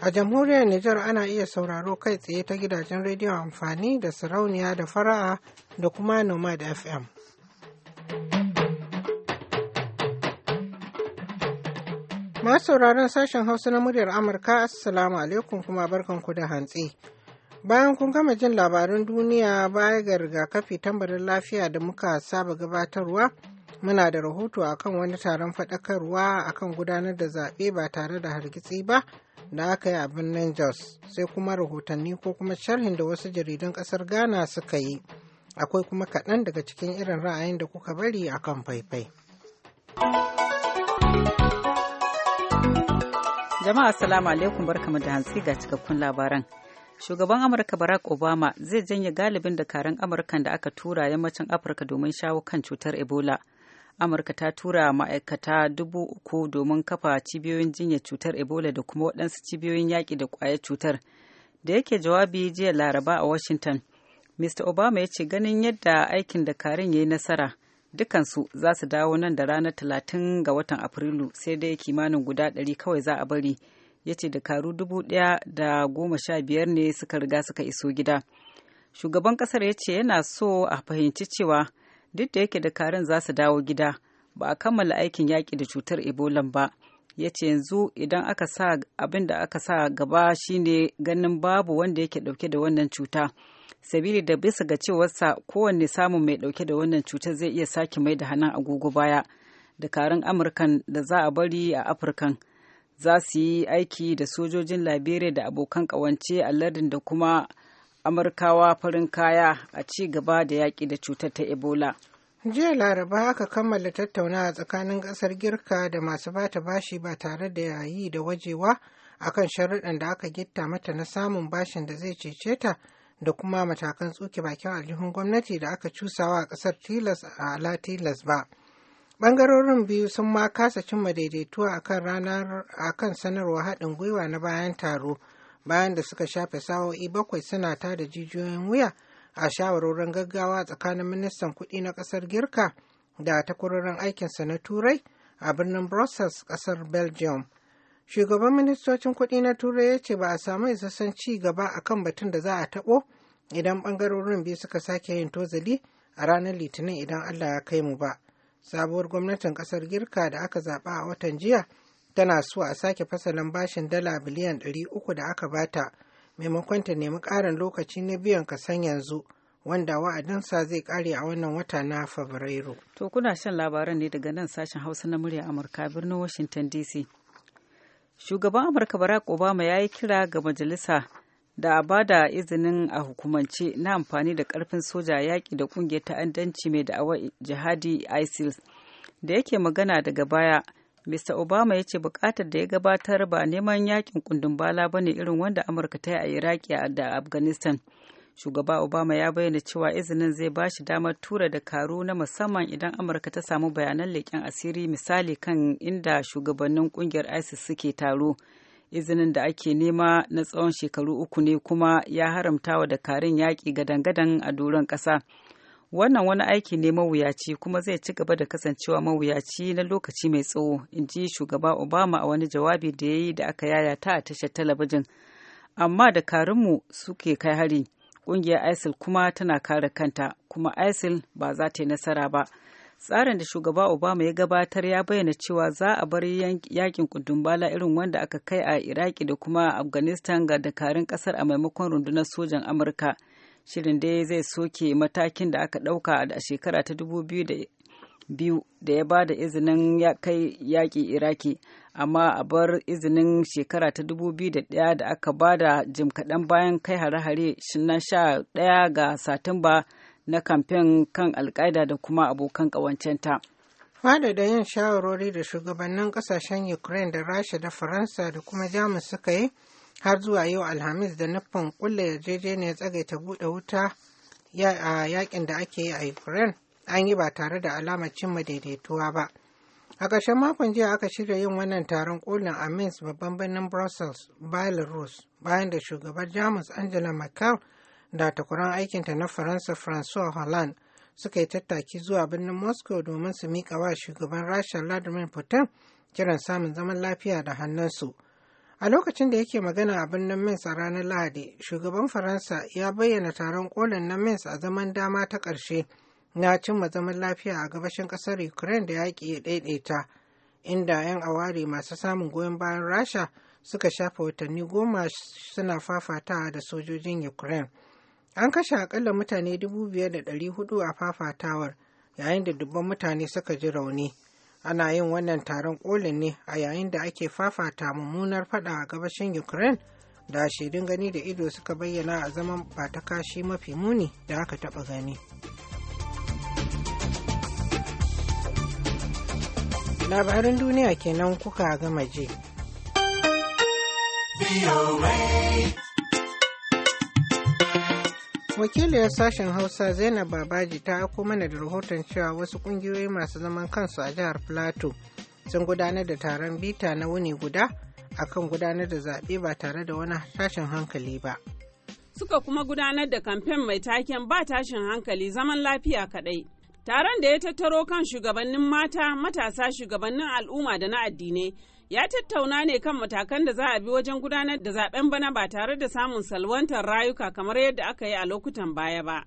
A jamhuriyar Nijar ana iya sauraro kai tsaye ta gidajen rediyon amfani da sarauniya da fara'a da kuma Nomad FM. Masu sauraron sashen Hausa na muryar Amurka, Assalamu alaikum kuma barkan ku da hantsi. Bayan kun gama jin labarun duniya baya ga rigakafi tambarin lafiya da muka saba gabatarwa, muna da rahoto akan wani taron faɗakarwa akan gudanar da zaɓe ba tare da hargitsi ba da aka yi a birnin jos sai kuma rahotanni ko kuma sharhin da wasu jaridun ƙasar ghana suka yi akwai kuma kaɗan daga cikin irin ra'ayin da kuka bari akan faifai jama'a assalamu alaikum barkamu da hantsi ga cikakkun labaran shugaban amurka barack obama zai janye galibin dakarun amurkan da aka tura yammacin afirka domin shawo kan cutar ebola amurka ta tura ma'aikata dubu uku domin kafa cibiyoyin jinya cutar ebola da kuma waɗansu cibiyoyin yaƙi da ƙwayar cutar da yake jawabi jiya laraba a washington mr obama ya ce ganin yadda aikin da karin ya yi nasara dukansu za su dawo nan da ranar talatin ga watan afrilu sai dai kimanin guda ɗari kawai za a bari ya ce dakaru dubu ɗaya da goma sha biyar ne suka riga suka iso gida shugaban ƙasar ya ce yana so a fahimci cewa duk da yake dakarun za su dawo gida ba a kammala aikin yaƙi da cutar ebola ba ya ce yanzu idan aka sa abin da aka sa gaba shine ganin babu wanda yake ɗauke da wannan cuta sabili da bisa ga cewarsa kowanne samun mai ɗauke da wannan cutar zai iya sake mai da hannun agogo baya dakarun amurkan da za a bari a afirkan za su yi aiki da sojojin labere da abokan ƙawance a lardin da kuma amurkawa farin kaya a ci gaba da yaƙi da cutar ta ebola jiya laraba aka kammala tattaunawa tsakanin kasar girka da masu bata bashi ba tare da yayi da wajewa akan sharuɗan da aka gitta mata na samun bashin da zai cece ta da kuma matakan tsoke bakin aljihun gwamnati da aka cusawa a kasar tilas a ala tilas ba bangarorin biyu sun ma kasa cimma daidaituwa akan ranar akan sanarwa haɗin gwiwa na bayan taro bayan da suka shafe sa'o'i bakwai suna tada jijiyoyin wuya a shawarorin gaggawa tsakanin ministan kuɗi na ƙasar girka da takwarorin aikinsa na turai a birnin brussels ƙasar belgium shugaban ministocin kuɗi na turai ya ce ba a samu isassun ci gaba a kan batun da za a taɓo idan ɓangarorin biyu suka sake yin tozali a ranar litinin idan allah ya kai mu ba sabuwar gwamnatin ƙasar girka da aka zaɓa a watan jiya tana so a sake fasalin bashin dala biliyan ɗari uku da aka bata maimakon ta nemi ƙarin lokaci na biyan kasan yanzu wanda wa'adinsa zai kare a wannan wata na fabrairu. To kuna shan labaran ne daga nan sashen Hausa na murya Amurka birnin Washington DC. Shugaban Amurka Barack Obama ya yi kira ga majalisa da a bada izinin a hukumance na amfani da karfin soja yaƙi da ƙungiyar ta'addanci mai da'awar jihadi ISIL da yake magana daga baya. Mr. Obama ya ce bukatar da ya gabatar ba neman yakin kundin bala ba ne irin wanda Amurka ta yi a Iraki da Afghanistan. Shugaba Obama ya bayyana cewa izinin zai ba shi damar tura da karu na musamman idan Amurka ta samu bayanan leƙen asiri misali kan inda shugabannin kungiyar ISIS suke taro. Izinin da ake nema na tsawon shekaru uku ne kuma ya haramta wa karin yaƙi gadan-gadan a doron ƙasa. wannan wani aiki ne mawuyaci kuma zai ci gaba da kasancewa mawuyaci na lokaci mai tsawo in ji shugaba obama a wani jawabi da ya yi da aka yaya ta a tashar talabijin amma da karinmu suke kai hari ƙungiyar isil kuma tana kare kanta kuma isil ba za ta yi nasara ba tsarin da shugaba obama ya gabatar ya bayyana cewa za a bar yakin kundumbala irin wanda aka kai a iraki da kuma afghanistan ga dakarun kasar a maimakon rundunar sojan amurka shirin dai zai soke matakin da aka ɗauka a shekara ta biyu da ya ba da izinin kai yaƙi iraki amma a bar izinin shekara ta 2001 da aka ba da jim kaɗan bayan kai hare-hare na sha ɗaya ga satumba na kamfen kan alkaida da kuma abokan ƙawancenta. fada da yin shawarori da shugabannin ƙasashen ukraine da rasha da faransa da kuma jamus suka yi har zuwa yau alhamis da nufin kulle yarjejeniyar tsagaita buɗe wuta a yakin da ake yi a ukraine an yi ba tare da alamar cimma daidaituwa ba a ƙarshen makon jiya aka shirya yin wannan taron kolin a minsk babban birnin brussels belarus bayan da shugabar jamus angela merkel da takwaran aikinta na faransa francois hollande suka yi tattaki zuwa birnin moscow domin su mika wa shugaban rasha vladimir putin kiran samun zaman lafiya da hannunsu. su A lokacin da yake magana a birnin mins a ranar Lahadi, shugaban Faransa ya bayyana taron kolin na mins a zaman dama ta ƙarshe na cimma zaman lafiya a gabashin ƙasar Ukraine da yaƙi ya ɗaiɗaita, inda 'yan aware masu samun goyon bayan Rasha suka shafa watanni goma suna fafatawa da sojojin Ukraine. An kashe akalla mutane 5,400 a fafatawar, yayin da dubban mutane suka ji rauni. ana yin wannan taron kolin ne a yayin da ake fafata mummunar fada a gabashin ukraine da shaidun gani da ido suka bayyana a zaman ba ta kashi mafi muni da aka taba gani Labarin duniya kenan kuka gama je. wakiliyar sashen hausa zainab babaji ta ako mana da rahoton cewa wasu kungiyoyi masu zaman kansu a jihar plateau sun gudanar da taron bita na wuni guda akan gudanar da zaɓe ba tare da wani tashin hankali ba suka kuma gudanar da kamfen mai taken ba tashin hankali zaman lafiya kaɗai taron da ya tattaro kan shugabannin mata matasa shugabannin al'umma da na addinai ya tattauna ne kan matakan da za a bi wajen gudanar da zaben bana ba tare da samun salwantar rayuka kamar yadda aka yi a lokutan baya ba.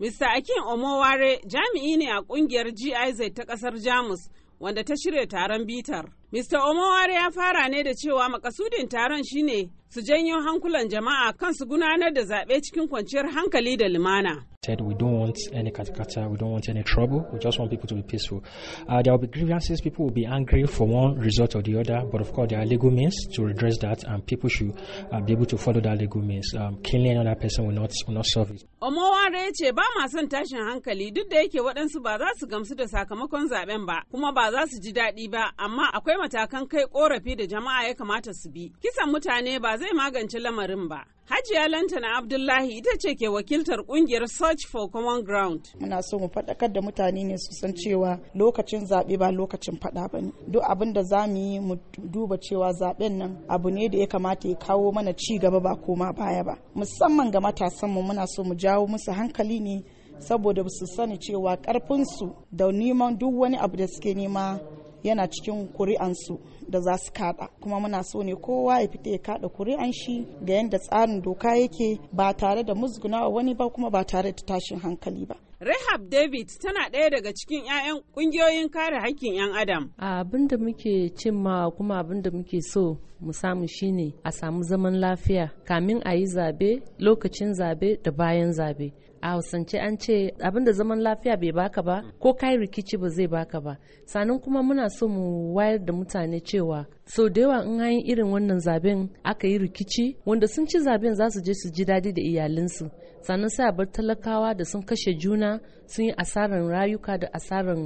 Mr. Akin Omoware jami'i ne a kungiyar GIZ ta kasar Jamus wanda ta shirya taron bitar. Mr. Omowar ya fara ne da cewa makasudin taron shine su janyo hankulan jama'a kan su gudanar da zaɓe cikin kwanciyar hankali da lumana. Said we don't want any katakata, we don't want any trouble, we just want people to be peaceful. Uh, there will be grievances, people will be angry for one result or the other, but of course there are legal means to redress that and people should uh, be able to follow that legal means. Um, killing another person will not, will not solve it. Omoware ya ce ba ma son tashin hankali duk da yake waɗansu ba za su gamsu da sakamakon zaɓen ba, kuma ba za su ji daɗi ba, amma akwai matakan kai korafi da jama'a ya kamata su bi kisan mutane ba zai magance lamarin ba hajiya lantana abdullahi ita ce ke wakiltar kungiyar search for common ground muna so mu faɗakar da mutane ne su san cewa lokacin zaɓe ba lokacin faɗa ba ne duk abin da za mu yi mu duba cewa zaɓen nan abu ne da ya kamata ya kawo mana ci gaba ba koma baya ba musamman ga matasanmu muna so mu jawo musu hankali ne saboda su sani cewa karfinsu da neman duk wani abu da suke nema yana cikin kuri'ansu da za su kada kuma muna so ne kowa ya fita ya kada kuri'an shi ga yadda tsarin doka yake ba tare da musgunawa wani ba kuma ba tare da tashin hankali ba Rehab David tana ɗaya daga cikin 'ya'yan ƙungiyoyin kare haƙƙin 'yan Adam. Abin da muke cimma kuma abin da muke so mu samu shine a samu zaman lafiya kamin a yi zabe lokacin zabe da bayan zabe. a hausance an ce abinda zaman lafiya bai baka ba mm. ko kai rikici ba zai baka ba sannan kuma muna so mu wayar da mutane cewa sau da yawa in an irin wannan zaben aka yi rikici wanda sun ci zaben za su je su ji dadi da iyalinsu sannan sai a bar talakawa da sun kashe juna sun yi asarar rayuka da asarar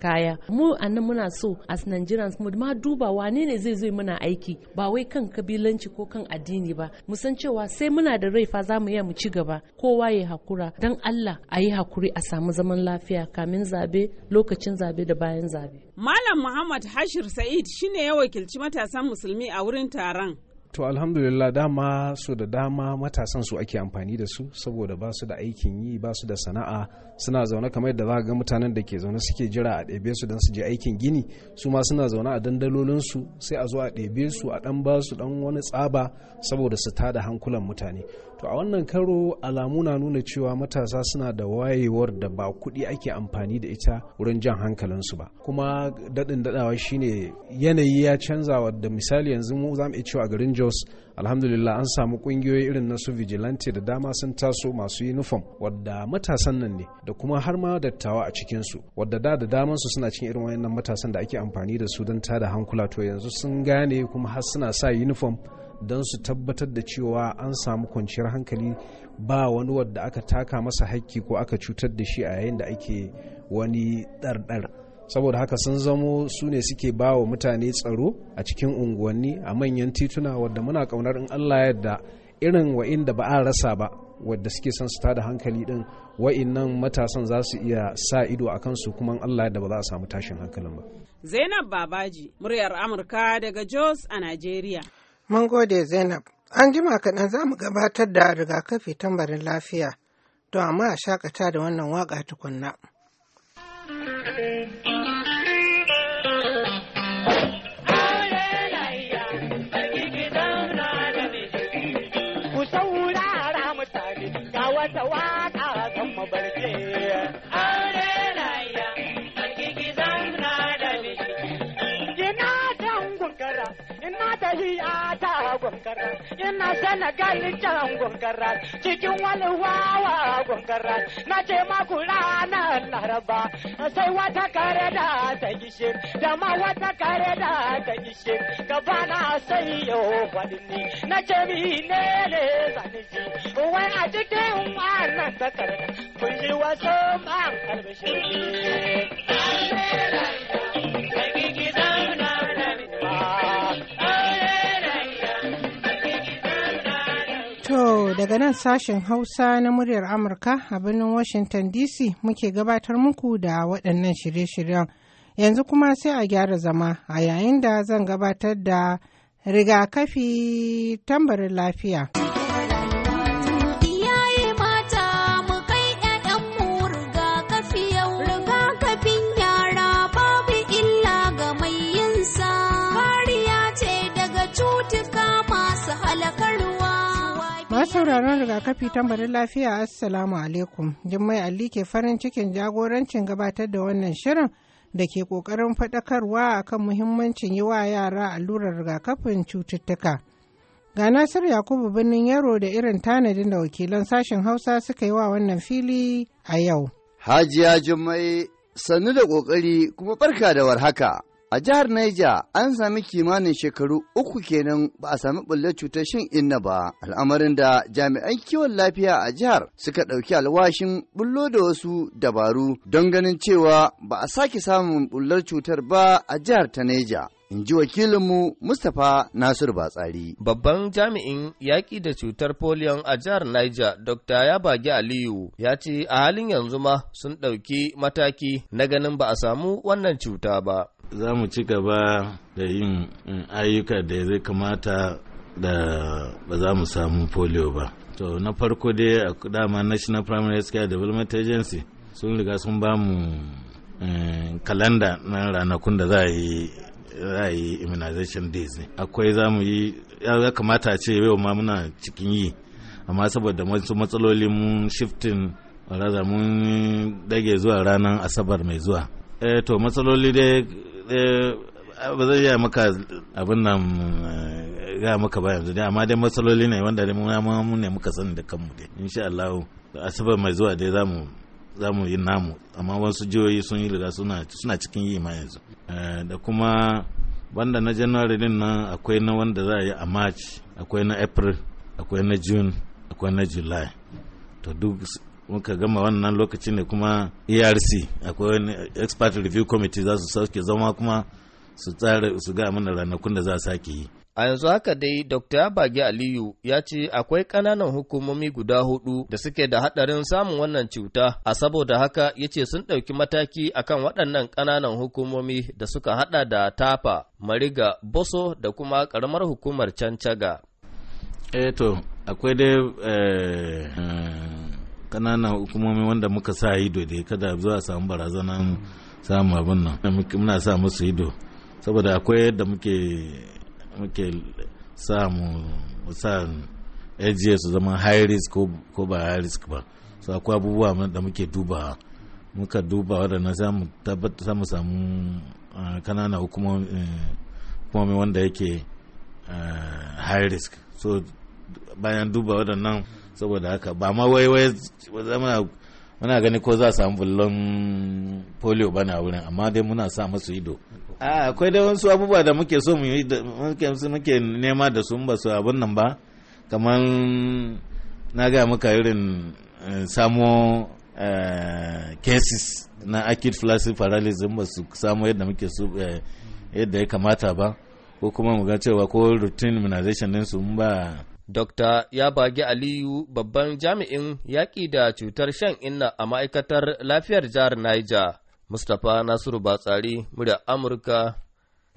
kaya mu anan muna so as Nigerians mu ma duba wane ne zai zo muna aiki ba wai kan kabilanci ko kan addini ba mu san cewa sai muna da rai fa zamu iya mu ci gaba kowa ya hakura dan Allah a yi hakuri a samu zaman lafiya kamin zabe lokacin zabe da bayan zabe Malam Muhammad Hashir Sa'id shine ya wakilci matasan musulmi a wurin taron to alhamdulillah dama su da dama matasan su ake amfani da su saboda ba su da aikin yi ba su da sana'a suna zaune kamar yadda za ga mutanen da ke zaune suke jira a ɗebe su don su je aikin gini su ma suna zaune a dandalolin su sai a zo a ɗebe su a ɗan ba su ɗan wani tsaba saboda su tada hankulan mutane to a wannan karo alamu na nuna cewa matasa suna da wayewar da ba kuɗi ake amfani da ita wurin jan hankalinsu ba kuma daɗin daɗawa shine yanayi ya canza wadda misali yanzu mu za mu iya cewa garin jos alhamdulillah an samu ƙungiyoyi irin na su vigilante da dama sun taso masu uniform wadda matasan nan ne da kuma har ma dattawa a cikinsu wadda da da damansu suna cikin irin wayannan matasan da ake amfani da su don tada hankula to yanzu sun gane kuma har suna sa uniform don su tabbatar da cewa an samu kwanciyar hankali ba wani wadda aka taka masa hakki ko aka cutar da shi a yayin da ake wani ɗarɗar saboda haka sun zamo su ne suke ba wa mutane tsaro a cikin unguwanni a manyan tituna wadda muna ƙaunar in allah yadda irin wa'inda ba a rasa ba wadda suke son su tada hankali din wa'innan matasan za su iya sa ido a kansu kuma Allah yadda ba za a samu tashin hankalin ba. Zainab Babaji, muryar Amurka daga Jos a nigeria. Mun gode Zainab. An jima kaɗan za mu gabatar da rigakafi tambarin lafiya, to amma a shakata da wannan waƙa tukunna. gwankara sana senegal can gwankara cikin wani wawa gwankara na ce maku na laraba sai wata kare da ta gishe da ma wata kare da ta gishe Ka bana sai yau fadini na ce mi ne ne zani wai a cikin wannan takarda kun yi wasu ma'an albishiri. To daga nan sashen Hausa na muryar Amurka a birnin Washington DC muke gabatar muku da waɗannan shirye-shiryen. Yanzu kuma sai a gyara zama a yayin da zan gabatar da rigakafi tambarin lafiya. sauraron rigakafi tambarin lafiya Assalamu alaikum. Jummai Ali ke farin cikin jagorancin gabatar da wannan shirin da ke ƙoƙarin faɗakarwa akan muhimmancin yi wa yara allurar rigakafin cututtuka. Ga Nasir Yakubu birnin Yaro da irin tanadin da wakilan sashen Hausa suka yi wa wannan fili a yau. Hajiya Jummai sannu da ƙoƙari kuma barka da warhaka. A jihar Niger an sami kimanin shekaru uku kenan ba a sami bullar cutar shan inna ba, al'amarin da jami'an kiwon lafiya a jihar suka ɗauki alwashin bullo da wasu dabaru don ganin cewa ba a sake samun bullar cutar ba a jihar ta Niger. in ji wakilinmu Mustapha Nasiru Batsari. Babban jami'in yaƙi da cutar polion a jihar Niger, Dr. Yabagi Aliyu, ya ce a halin yanzu ma sun ɗauki mataki na ganin ba a samu wannan cuta ba. za mu ci gaba da yin mm, ayyuka da ya zai kamata da ba za mu samu polio ba to na farko dai a dama national primary care development agency sun riga sun ba mu kalanda mm, na ranakun da za a yi immunization days ne akwai za mu yi ya kamata ce yau ma muna cikin yi amma saboda wasu matsaloli mun shifting raza mun dage zuwa ranar asabar mai zuwa eh to matsaloli dai Eh, ba zai yi maka abin nan eh, ga maka ba yanzu dai amma dai matsaloli ne wanda dai mu ne muka sani da kanmu dai insha Allah asabar mai zuwa dai zamu zamu yi namu amma wasu jihohi sun yi riga suna suna cikin yi ma yanzu eh, da kuma banda na January din nan akwai na wanda za a yi a March akwai na April akwai na June akwai na July to duk muka gama wannan lokacin ne kuma erc akwai wani expert review committee za su sauke zama kuma su tsara su ga mana ranakun da za a sake yi A yanzu haka dai Dr. Abage Aliyu ya ce akwai ƙananan hukumomi guda hudu da suke da haɗarin samun wannan cuta, a saboda haka ya ce sun ɗauki mataki akan waɗannan ƙananan hukumomi da suka haɗa da Tafa, Mariga, Boso da kuma karamar hukumar Cancaga. Eh to, akwai dai eh, kananan hukumomi wanda muka sa ido da kada zuwa samu barazanan samun abin nan muna sa musu ido saboda akwai yadda muke muke samu sa ajiye su zama high risk ko ba high risk ba so akwai abubuwa da muke dubawa muka duba waɗannan samu tabbata samu kanana hukumomi wanda yake eh, high risk so bayan duba waɗannan saboda haka ba ma wai wai muna gani ko za a samu bullon polio bana wurin amma dai muna sa masu ido a akwai da wasu abubuwa da muke so muke nema da su ba su abin nan ba kamar na ga muka irin eh, samo eh, cases na acute flaccid paralysis ba su samu yadda muke su eh, yadda ya kamata ba ko kuma mu ga cewa ko routine immunization din ba Dokta Yabage Aliyu babban jami'in yaƙi da cutar shan inna a ma'aikatar lafiyar jihar Niger, Mustapha Nasiru Batsari, murya Amurka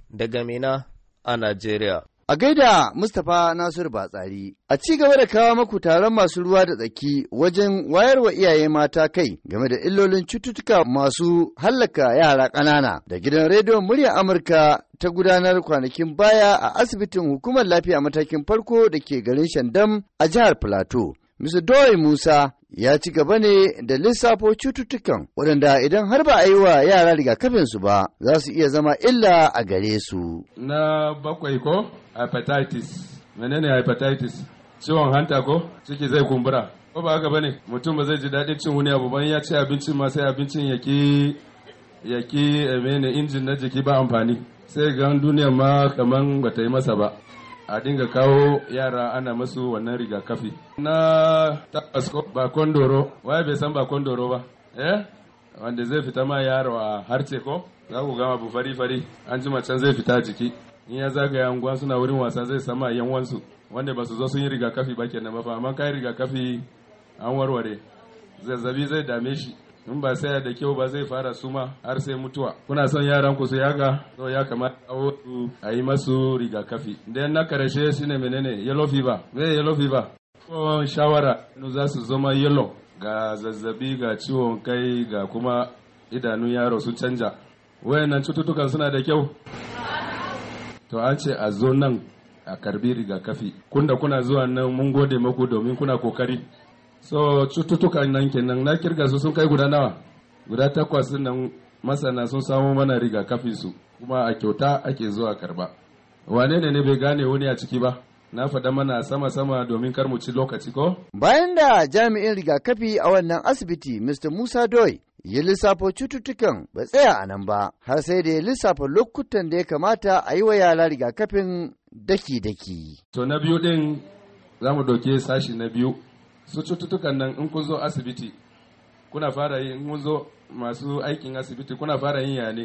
daga Mina a Najeriya. A gaida Mustapha Nasir Batsari, a ci gaba da kawo maku taron masu ruwa da tsaki wajen wayarwa iyaye mata kai game da illolin cututtuka masu hallaka yara ƙanana da gidan rediyon muryar Amurka ta gudanar kwanakin baya a asibitin hukumar lafiya matakin farko da ke garin Shandam a jihar Plateau. Mr. Doyle Musa ya ci gaba ne da lissafo cututtukan waɗanda idan har ba a yi wa yara rigakafin su ba za su iya zama illa a gare su. Na bakwai ko hepatitis. Menene hepatitis? Ciwon hanta ko? Ciki zai kumbura. Ko ba haka bane mutum ba zai ji daɗin cin wani abu bayan ya ci abincin ma sai abincin ya ki ya ki eh, mene injin na jiki ba amfani. Sai ga duniya ma kaman bata yi masa ba. a dinga kawo yara ana masu wannan rigakafi. Na tabbas bakon doro, waye bai san bakon doro ba, eh? Wanda zai fita ma yaro a harce ko? Za ku gama bu fari-fari, an jima can zai fita jiki. In ya zagaya unguwan suna wurin wasa zai sama yan wansu, wanda ba su zo sun yi rigakafi ba kenan ba fa, amma kai rigakafi an warware. Zazzabi zai dame shi, in ba saya da kyau ba zai fara suma har sai mutuwa kuna son yaran ku su yaga to ya kamata a a yi masu rigakafi da na karshe ne menene yellow fever me yellow fever ko shawara nu za su zama yellow ga zazzabi ga ciwon kai ga kuma idanun yaro su canja wayannan cututtukan suna da kyau to an ce a zo nan a karbi rigakafi kunda kuna zuwa nan mun gode maku domin kuna kokari so cututtukan nan kenan na kirga su sun kai guda nawa guda takwas nan masana sun samo mana rigakafin su kuma a kyauta ake zuwa karba wane ne ne bai gane wani a ciki ba na faɗa mana sama-sama domin kar mu ci lokaci ko? Bayan da jami'in rigakafi a wannan asibiti Mr. Musa Doi ya lissafa cututtukan ba tsaya a nan ba har sai da ya lissafa lokutan da ya kamata a yi wa yara rigakafin daki-daki. To na biyu din, za mu ɗauke sashi na biyu su cututtukan nan in kun zo asibiti kuna fara yi in kun zo masu aikin asibiti kuna fara yin ya ne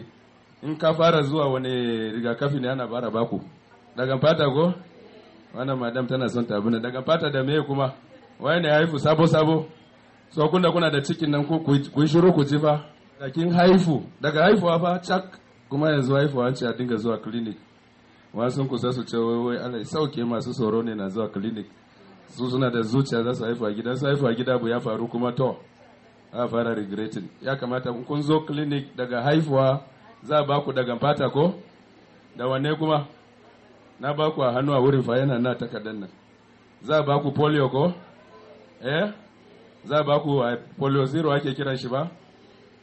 in ka fara zuwa wani rigakafi ne ana fara baku daga fata ko wannan madam tana son tabi abuna daga fata da meye kuma Wani ne haifu sabo sabo so kun da kuna da cikin nan ku yi shiru ku ji fa da kin haifu daga haifuwa fa cak kuma yanzu haifuwa ce a dinga zuwa clinic wasu kusa su ce wai wai Allah sauke masu tsoro ne na zuwa clinic su suna da zuciya za su haifuwa gida su haifuwa gida bu ya faru kuma to a fara regretting ya kamata kun zo clinic daga haifuwa za a ba ku daga fata ko da wanne kuma na ba ku a hannu a wurin fa yana na takardar nan za a ba ku polio ko eh za a ba ku polio zero ake kiran shi ba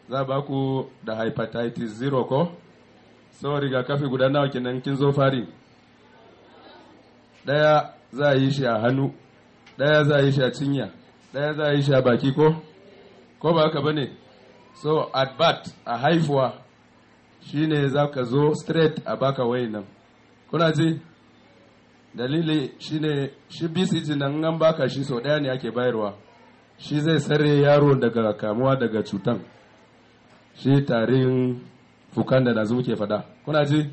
za a ba ku da hepatitis zero ko so rigakafi guda nawa kenan kin zo fari daya za a yi shi a hannu ɗaya za a yi shi a cinya ɗaya za a yi shi a baki ko ko ba haka bane so at bat a haifuwa shi ne za ka zo straight a baka wai nan kuna ji dalili shi ne shi bcg nan an baka shi sau ɗaya ne ake bayarwa shi zai sare yaro daga kamuwa daga cutan shi tarin fukan da na muke fada kuna ji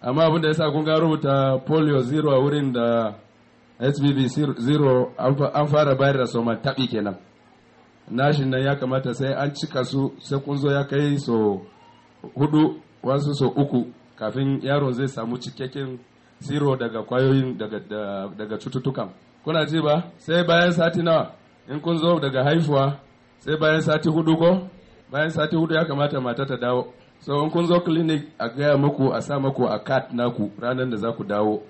amma abin da ya sa kun ga rubuta polio zero a wurin da SBB zero an fara bayar da soma taɓi kenan nashin nan ya kamata sai an cika su sai kunzo ya kai so hudu wasu so uku kafin yaron zai samu cikakken zero daga kwayoyin daga, daga cututtukan kuna ji ba sai bayan sati nawa in kun zo daga haifuwa sai bayan sati hudu ko bayan sati hudu ya kamata mata ta dawo so in kun zo clinic a gaya muku a sa muku a cat naku ranar da za ku dawo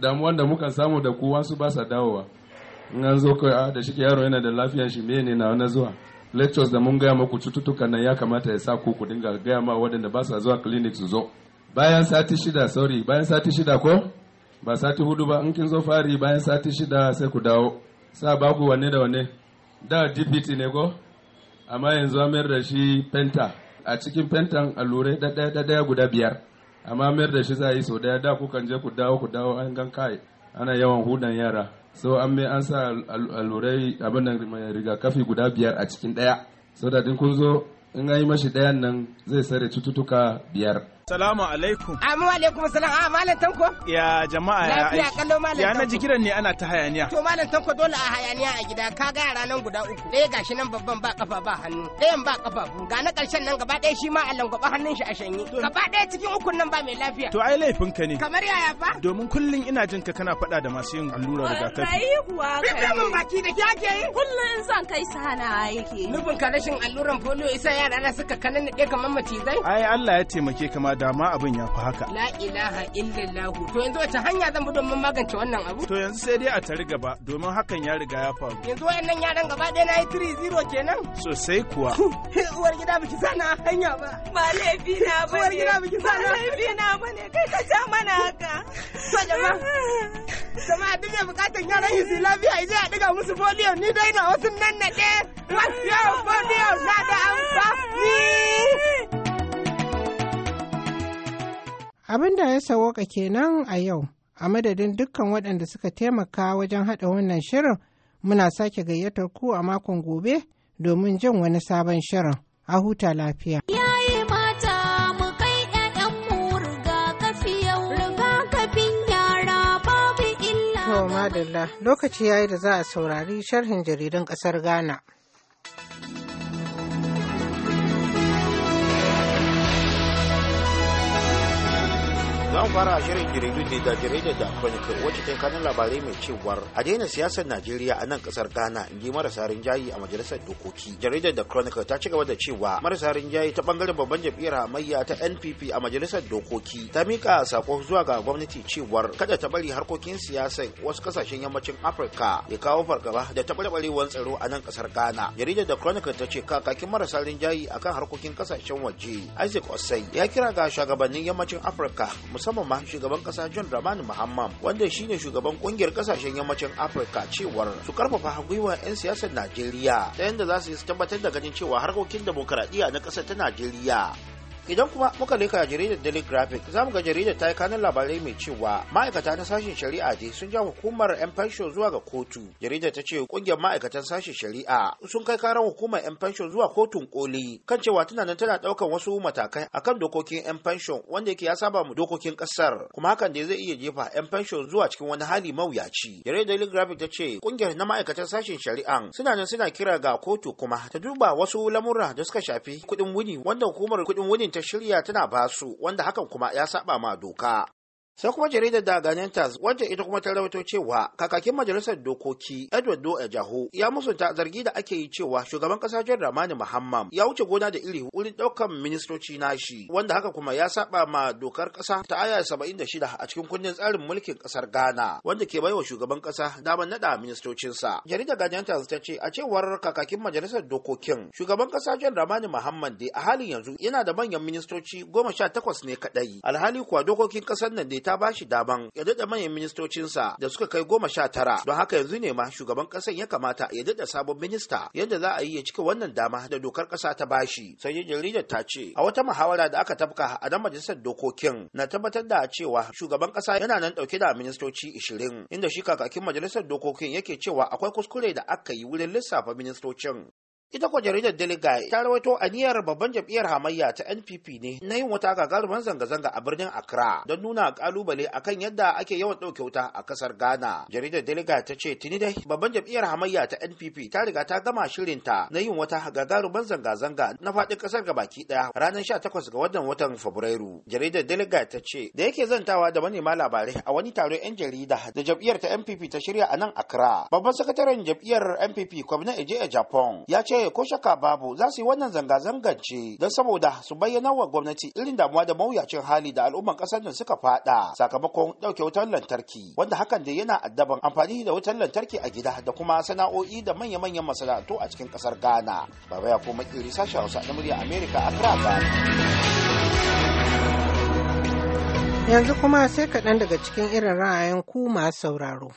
damuwan da muka samu da kowa su ba sa dawowa in an zo kai ah, da shi yaro yana da lafiyar shi mene na wani zuwa lectures da mun gaya maku cututtukan nan ya kamata ya sa ku ku dinga gaya ma waɗanda ba sa zuwa clinic su zo bayan sati shida sorry bayan sati shida ko ba sati hudu ba in kin zo fari bayan sati shida sai ku dawo sa ba ku wanne da wanne da dpt ne ko amma yanzu amir da shi penta a cikin pentan allurai ɗaya guda biyar amma mayar da shi za a yi sau daya da kukan je ku dawo ku dawo an gan kai ana yawan hudan yara so an mai an sa alurai abin nan mai rigakafi guda biyar a cikin daya so da kun zo in an yi mashi dayan nan zai sare cututtuka biyar Salamu alaikum. Amu alaikum salam. Ah, malam tanko? Ya jama'a ya aiki. Lafiya kallo malam tanko. Ya na jigilar ne ana ta hayaniya. To malam tanko dole a hayaniya a gida ka ga yara nan guda uku. Ɗaya gashi nan babban ba kafa ba hannu. Ɗayan ba kafa ga na ƙarshen nan gaba ɗaya shi ma a langwaba hannun shi a shanye. Gaba ɗaya cikin ukun nan ba mai lafiya. To ai laifin ka ne. Kamar yaya fa? Domin kullum ina jin ka kana faɗa da masu yin allurar rigakafi. Kai kuwa kai. Ina mun baki da kyake yi. Kullum zan kai sana aiki. Nufin ka rashin alluran polio isa yara na suka kanana ne kamar macizai. Ai Allah ya taimake kamar a dama abin ya fi haka la ilaha illallah to yanzu wata hanya zan bi domin magance wannan abu to yanzu sai dai a tari gaba domin hakan ya riga ya faru yanzu wayannan yaran gaba ɗaya na yi 3-0 kenan sosai kuwa uwar gida biki sana hanya ba ba laifi na ba uwar gida biki sana laifi na ba ne kai ka ja mana haka to sama jama'a duk mai bukatan yaran yi lafiya ya a ɗiga musu foliyo ni dai na wasu nan na ɗaya masu yawan foliyo na da amfani Abin da ya sawaka kenan a yau, a madadin dukkan waɗanda suka taimaka wajen haɗa wannan shirin muna sake gayyatar ku a makon gobe domin jin wani sabon shirin. A huta lafiya. Yayi mata mu kai rigakafi yau yara babu illa. madalla lokaci yayi da za a saurari sharhin jaridan ƙasar Ghana. zan fara shirin jaridu ne da jaridar da chronicle wacce ta kanin labarai mai cewar a daina siyasar najeriya a nan kasar ghana in ji marasa rinjaye a majalisar dokoki jaridar da chronicle ta ci gaba da cewa marasa rinjaye ta bangaren babban jam'iyyar hamayya ta npp a majalisar dokoki ta mika sako zuwa ga gwamnati cewar kada ta bari harkokin siyasar wasu kasashen yammacin afirka ya kawo fargaba da taɓarɓarewar tsaro a nan kasar ghana jaridar da chronicle ta ce kakakin marasa rinjaye akan harkokin kasashen waje isaac osei ya kira ga shugabannin yammacin afirka musamman ma shugaban kasa John Dramani Mahamman wanda shine shugaban kungiyar kasashen yammacin Afirka cewar su karfafa gwiwar 'yan siyasar Najeriya ta yadda za su tabbatar da ganin cewa harkokin demokaradiyya na kasar ta Najeriya idan kuma muka leka jaridar daily graphic za mu ga jaridar ta yi kanin labarai mai cewa ma'aikata na sashen shari'a dai sun ja hukumar yan fansho zuwa ga kotu jaridar ta ce kungiyar ma'aikatan sashen shari'a sun kai karan hukumar yan fansho zuwa kotun koli kan cewa tana nan tana daukan wasu matakai akan dokokin yan fansho wanda yake ya saba mu dokokin kasar kuma hakan da zai iya jefa yan fansho zuwa cikin wani hali mawuyaci jaridar daily graphic ta ce kungiyar na ma'aikatan sashen shari'a suna nan suna kira ga kotu kuma ta duba wasu lamura da suka shafi kuɗin wuni wanda hukumar kuɗin wunin ta shirya tana basu wanda hakan kuma ya saba ma doka sai kuma jaridar da ganin tas wacce ita kuma ta rawaito cewa kakakin majalisar dokoki edward do ejaho ya musunta zargi da ake yi cewa shugaban kasa john ramani muhammad ya wuce gona da iri wurin daukan ministoci nashi wanda haka kuma ya saba ma dokar kasa ta aya saba'in da shida a cikin kundin tsarin mulkin kasar ghana wanda ke baiwa shugaban kasa damar nada ministocinsa jaridar ganin tas ta ce a cewar kakakin majalisar dokokin shugaban kasa john ramani muhammad dai a halin yanzu yana da manyan ministoci goma sha takwas ne kadai alhali kuwa dokokin kasar nan dai ta ba shi daban ya daɗa manyan ministocinsa da suka kai goma sha tara don haka yanzu ne ma shugaban ƙasar ya kamata ya daɗa sabon minista yadda za a yi ya cika wannan dama da dokar ƙasa ta shi sai jaridar ta ce a wata muhawara da aka tafka a dan majalisar dokokin na tabbatar da cewa shugaban ƙasa yana nan dauke da ministoci ishirin inda shi kakakin majalisar dokokin yake cewa akwai kuskure da aka yi wurin lissafa ministocin ita ko jaridar daily guy ta rawaito niyyar babban jam'iyyar hamayya ta npp ne na yin wata gagarumin zanga-zanga a birnin accra don nuna kalubale kan yadda ake yawan ɗauke wuta a kasar ghana jaridar daily guy ta ce tuni dai babban jam'iyyar hamayya ta npp ta riga ta gama shirinta na yin wata gagarumin zanga-zanga na faɗin kasar gabaki ɗaya ranar sha takwas ga wannan watan fabrairu jaridar daily guy ta ce da yake zantawa da manema labarai a wani taron 'yan jarida da jam'iyyar ta npp ta shirya a nan accra babban sakataren jam'iyyar npp kwamna eje a japan ya ce kauye eh, ko shaka babu za su yi wannan zanga-zangar don saboda su bayyana wa gwamnati irin damuwa da mawuyacin hali da al'umman kasar nan suka fada sakamakon ɗauke wutar lantarki wanda hakan da yana addaban amfani da wutar lantarki a gida da kuma sana'o'i da manya-manyan masana'antu a cikin kasar Ghana. Baba ya koma iri sashen Hausa na murya Amerika a Yanzu kuma sai kaɗan daga cikin irin ra'ayin ku masu sauraro.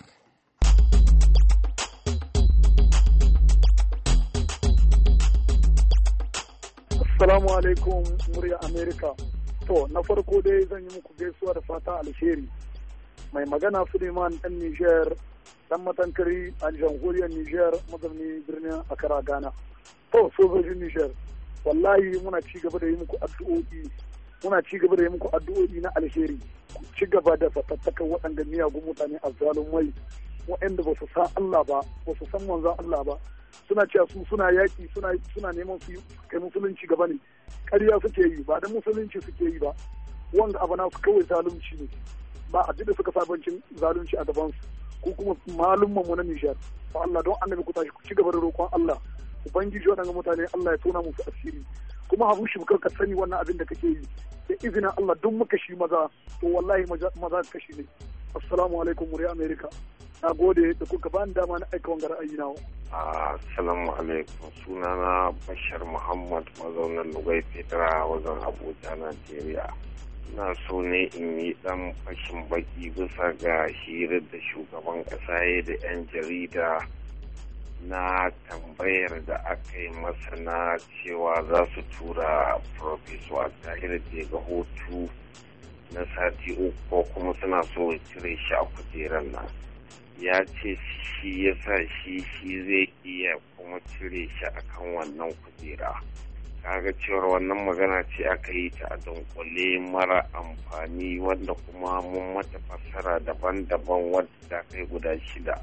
Assalamu alaikum murya Amerika. To, na farko dai zan yi muku gaisuwa da fata alheri. Mai magana Suleiman ɗan Nijar, ɗan matankari a jamhuriyar Nijar mazauni birnin Akara Ghana. To, sojojin Nijar, wallahi muna ci gaba da yi muku addu'o'i muna ci gaba da yi muku addu'o'i na alheri ku ci gaba da fatattakan waɗanda miyagun mutane a mai waɗanda ba su san Allah ba ba su san manzon Allah ba suna cewa su suna yaƙi suna suna neman su kai musulunci gaba ne ƙarya suke yi ba da musulunci suke yi ba wanda abana su kawai zalunci ne ba a da suka sabancin zalunci a gaban su ko kuma malumman mu na Nijar ba Allah don annabi ku tashi ku ci gaba da roƙon Allah ubangiji waɗannan mutane Allah ya tona musu asiri kuma hafu shi ka sani wannan abin da kake yi da izinin Allah duk muka shi maza to wallahi maza kashi ne assalamu alaikum muri america na gode da kuka bani dama na aika wangar ra'ayi na assalamu alaikum sunana bashar muhammad mazaunar lugai Fetara wajen abuja najeriya na so ne in yi dan fashin baki bisa ga hirar da shugaban kasa ya da 'yan jarida na tambayar da aka yi masa na cewa za su tura profesor tahir ga hutu na sati uku ko kuma suna so cire shi a kujerar nan ya ce shi ya sa shi shi zai iya kuma cire shi a kan wannan kujera kaga cewar wannan magana ce aka yi ta a dunkule mara amfani wanda kuma mun mata fassara daban-daban wadda ta kai guda shida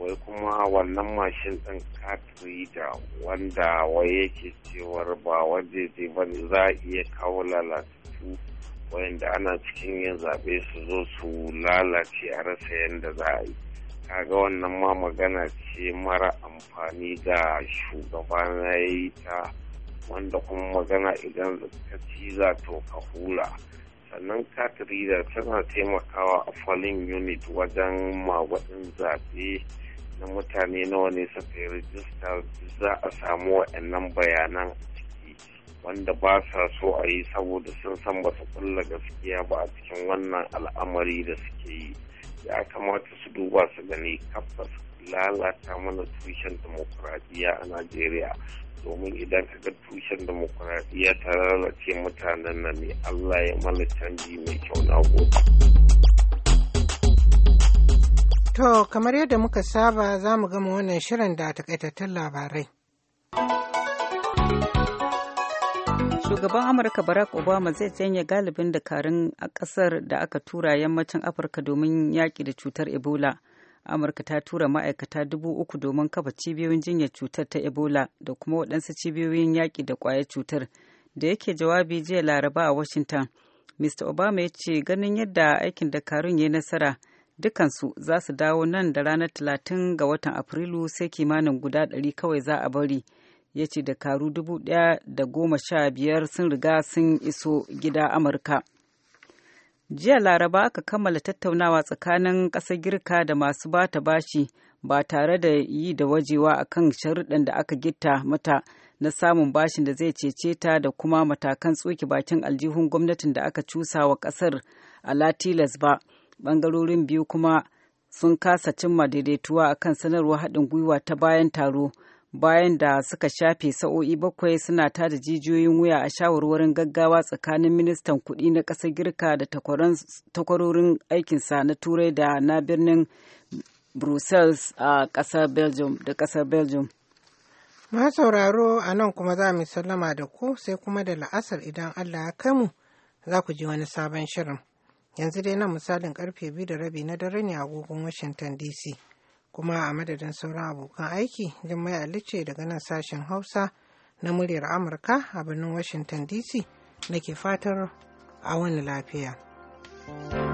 wai kuma wannan mashin ɗin katrida wanda wai yake cewar ba waje zai ba za a iya kawo lalatattu wayanda ana cikin yin zaɓe su zo su lalace a rasa yadda za a yi kaga wannan ma magana ce mara amfani da shugaba na yi ta wanda kuma magana idan ka ciza to ka hula sannan katrida tana taimakawa a falling unit wajen magwadin zaɓe na mutane nawa ne suka yi za a samu waɗannan bayanan ciki wanda ba sa so a yi saboda sun san ba su kulla gaskiya ba a cikin wannan al'amari da suke yi ya kamata su duba su gani kafas lalata mana tushen demokuraɗiyya a najeriya domin idan ka ga tushen demokuraɗiyya ta lalace mutanen nan ne allah ya mana canji mai kyau na gobe to kamar yadda muka saba za mu gama wannan shirin da takaitattun labarai shugaban amurka barack obama zai janye galibin dakarun a kasar da aka tura yammacin afirka domin yaƙi da cutar ebola amurka ta tura ma'aikata dubu uku domin kafa cibiyoyin jinyar cutar ta ebola da kuma waɗansu cibiyoyin yaƙi da ƙwayar cutar da yake jawabi jiya laraba a washington mr obama ya ce ganin yadda aikin dakarun ya nasara dukansu za su dawo nan da ranar talatin ga watan afrilu sai kimanin guda ɗari kawai za a bari ya ce dakaru dubu ɗaya da goma sha biyar sun riga sun iso gida amurka jiya laraba aka kammala tattaunawa tsakanin ƙasar girka da masu bata bashi ba tare da yi da wajewa akan sharuɗan da aka gitta mata na samun bashin da zai cece ta da kuma matakan tsoke bakin aljihun gwamnatin da aka cusa wa ƙasar a latilas ba ɓangarorin biyu kuma sun kasa cimma daidaituwa akan sanarwar haɗin gwiwa ta bayan taro bayan da suka shafe sa'o'i bakwai suna tada jijiyoyin wuya a shawarwarin gaggawa tsakanin ministan kuɗi na ƙasar girka da takwarorin aikinsa na turai da na birnin brussels a ƙasar belgium da ƙasar belgium ma sauraro a nan kuma za mu sallama da ku sai kuma da la'asar idan allah ya kai mu za ku ji wani sabon shirin yanzu dai nan misalin karfe biyu da rabi na dare ne a agogon washington dc kuma a madadin sauran abokan aiki jimai alice daga nan sashen hausa na muryar amurka a birnin washington dc ke fatar a wani lafiya. thank you